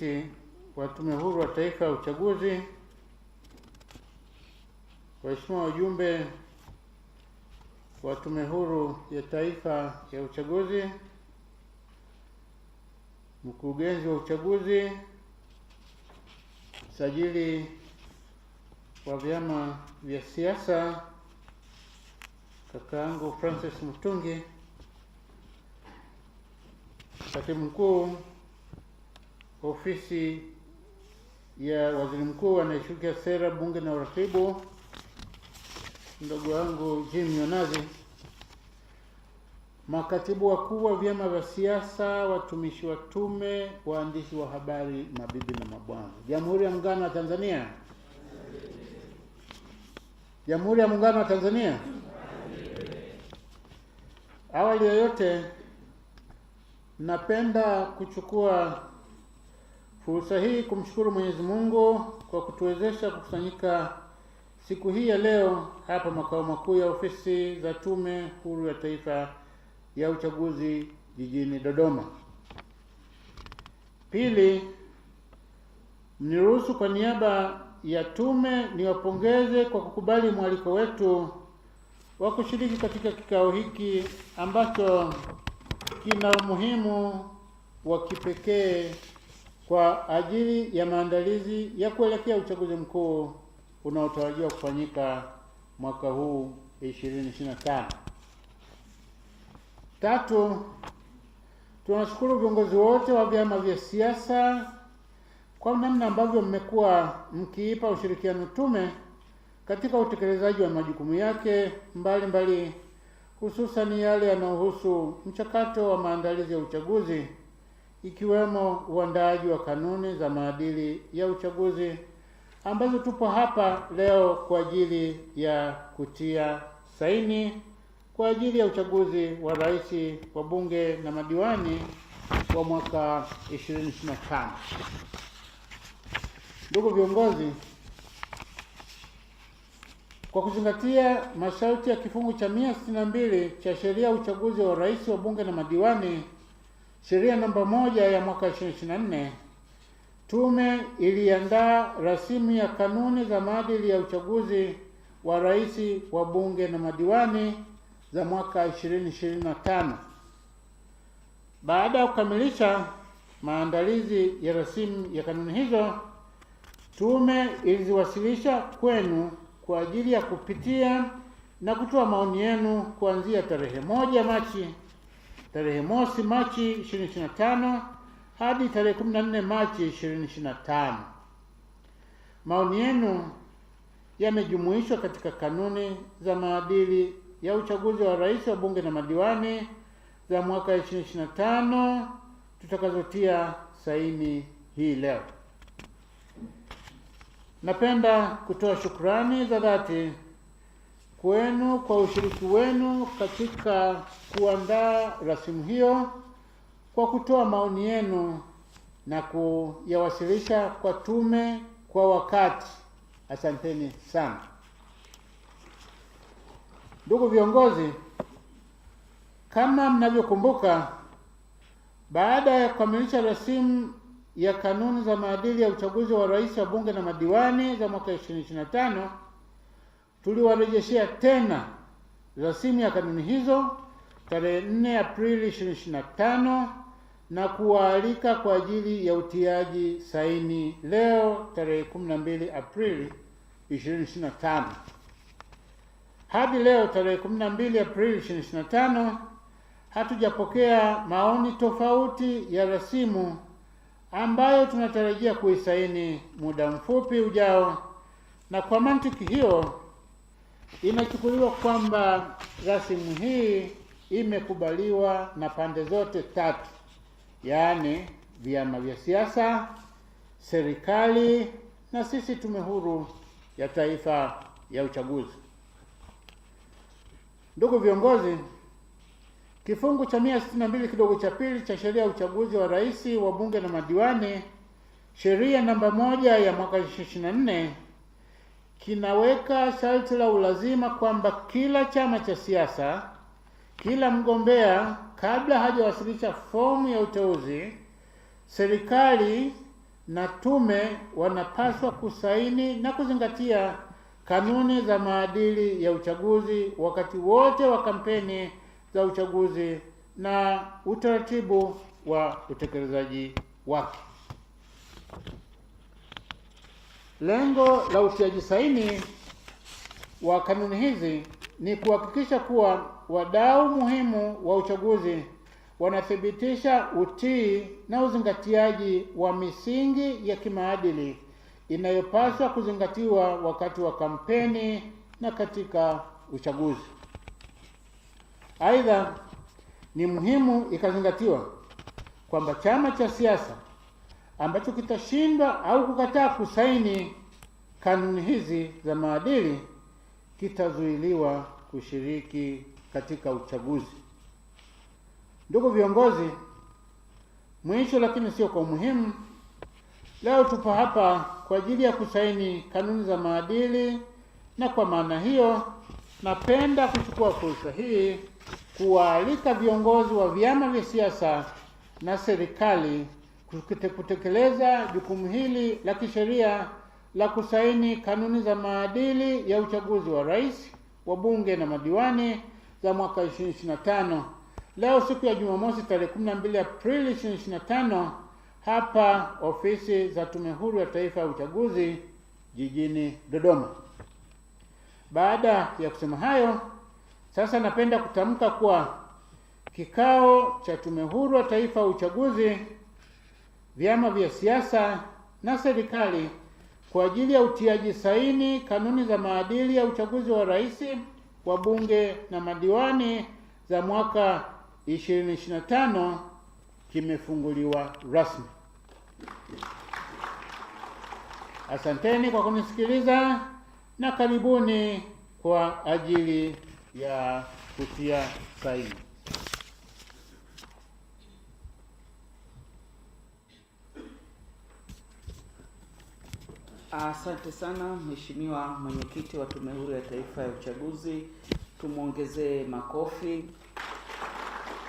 mwenyekiti wa Tume Huru wa Taifa ya Uchaguzi, waheshimiwa wajumbe wa Tume Huru ya Taifa ya Uchaguzi, mkurugenzi wa uchaguzi, sajili wa vyama vya siasa, kakaangu Francis Mtungi, katibu mkuu Ofisi ya Waziri Mkuu anayeshughulikia sera, bunge na uratibu, ndugu wangu Jim Yonazi, makatibu wakuu wa vyama vya siasa, watumishi wa tume, waandishi wa habari, mabibi na mabwana, Jamhuri ya Muungano wa Tanzania, Jamhuri ya Muungano wa Tanzania. Awali ya yote, napenda kuchukua Fursa hii kumshukuru Mwenyezi Mungu kwa kutuwezesha kukusanyika siku hii ya leo hapa makao makuu ya ofisi za Tume Huru ya Taifa ya Uchaguzi jijini Dodoma. Pili, mniruhusu kwa niaba ya tume niwapongeze kwa kukubali mwaliko wetu wa kushiriki katika kikao hiki ambacho kina umuhimu wa kipekee kwa ajili ya maandalizi ya kuelekea uchaguzi mkuu unaotarajiwa kufanyika mwaka huu 2025. Tatu, tunashukuru viongozi wote wa vyama vya siasa kwa namna ambavyo mmekuwa mkiipa ushirikiano tume katika utekelezaji wa majukumu yake mbalimbali, hususan yale yanayohusu mchakato wa maandalizi ya uchaguzi ikiwemo uandaaji wa kanuni za maadili ya uchaguzi ambazo tupo hapa leo kwa ajili ya kutia saini kwa ajili ya uchaguzi wa rais, bunge na madiwani wa mwaka 2025. Ndugu viongozi, kwa kuzingatia masharti ya kifungu cha 162 cha sheria ya uchaguzi wa rais, bunge na madiwani Sheria namba moja ya mwaka 2024 tume iliandaa rasimu ya kanuni za maadili ya uchaguzi wa rais wa bunge na madiwani za mwaka 2025. Baada ya kukamilisha maandalizi ya rasimu ya kanuni hizo, tume iliziwasilisha kwenu kwa ajili ya kupitia na kutoa maoni yenu kuanzia tarehe moja Machi tarehe mosi Machi 2025 hadi tarehe 14 Machi 2025. Maoni yenu yamejumuishwa katika kanuni za maadili ya uchaguzi wa rais wa bunge na madiwani za mwaka 2025 tutakazotia saini hii leo. Napenda kutoa shukrani za dhati kwenu kwa ushiriki wenu katika kuandaa rasimu hiyo kwa kutoa maoni yenu na kuyawasilisha kwa tume kwa wakati. Asanteni sana. Ndugu viongozi, kama mnavyokumbuka, baada ya kukamilisha rasimu ya kanuni za maadili ya uchaguzi wa rais wa bunge na madiwani za mwaka 2025 tuliwarejeshea tena rasimu ya kanuni hizo tarehe 4 Aprili 2025 na kuwaalika kwa ajili ya utiaji saini leo tarehe 12 Aprili 2025. Hadi leo tarehe 12 Aprili 2025 hatujapokea maoni tofauti ya rasimu ambayo tunatarajia kuisaini muda mfupi ujao, na kwa mantiki hiyo inachukuliwa kwamba rasimu hii imekubaliwa na pande zote tatu, yaani vyama vya siasa, serikali na sisi Tume Huru ya Taifa ya Uchaguzi. Ndugu viongozi, kifungu cha 162 kidogo cha pili cha sheria ya uchaguzi wa rais, wa bunge na madiwani, sheria namba moja ya mwaka kinaweka sharti la ulazima kwamba kila chama cha siasa, kila mgombea kabla hajawasilisha fomu ya uteuzi, serikali na tume wanapaswa kusaini na kuzingatia kanuni za maadili ya uchaguzi wakati wote wa kampeni za uchaguzi na utaratibu wa utekelezaji wake. Lengo la utiaji saini wa kanuni hizi ni kuhakikisha kuwa wadau muhimu wa uchaguzi wanathibitisha utii na uzingatiaji wa misingi ya kimaadili inayopaswa kuzingatiwa wakati wa kampeni na katika uchaguzi. Aidha, ni muhimu ikazingatiwa kwamba chama cha siasa ambacho kitashindwa au kukataa kusaini kanuni hizi za maadili kitazuiliwa kushiriki katika uchaguzi. Ndugu viongozi, mwisho lakini sio kwa umuhimu, leo tupo hapa kwa ajili ya kusaini kanuni za maadili, na kwa maana hiyo napenda kuchukua fursa hii kuwaalika viongozi wa vyama vya siasa na serikali kutekeleza jukumu hili la kisheria la kusaini kanuni za maadili ya uchaguzi wa rais, wabunge na madiwani za mwaka 2025. Leo siku ya Jumamosi tarehe 12 Aprili 2025 hapa ofisi za Tume Huru ya Taifa ya Uchaguzi jijini Dodoma. Baada ya kusema hayo, sasa napenda kutamka kuwa kikao cha Tume Huru ya Taifa ya Uchaguzi vyama vya siasa na serikali kwa ajili ya utiaji saini kanuni za maadili ya uchaguzi wa rais, bunge na madiwani za mwaka 2025 kimefunguliwa rasmi. Asanteni kwa kunisikiliza na karibuni kwa ajili ya kutia saini. Asante sana Mheshimiwa mwenyekiti wa Tume Huru ya Taifa ya Uchaguzi, tumwongezee makofi.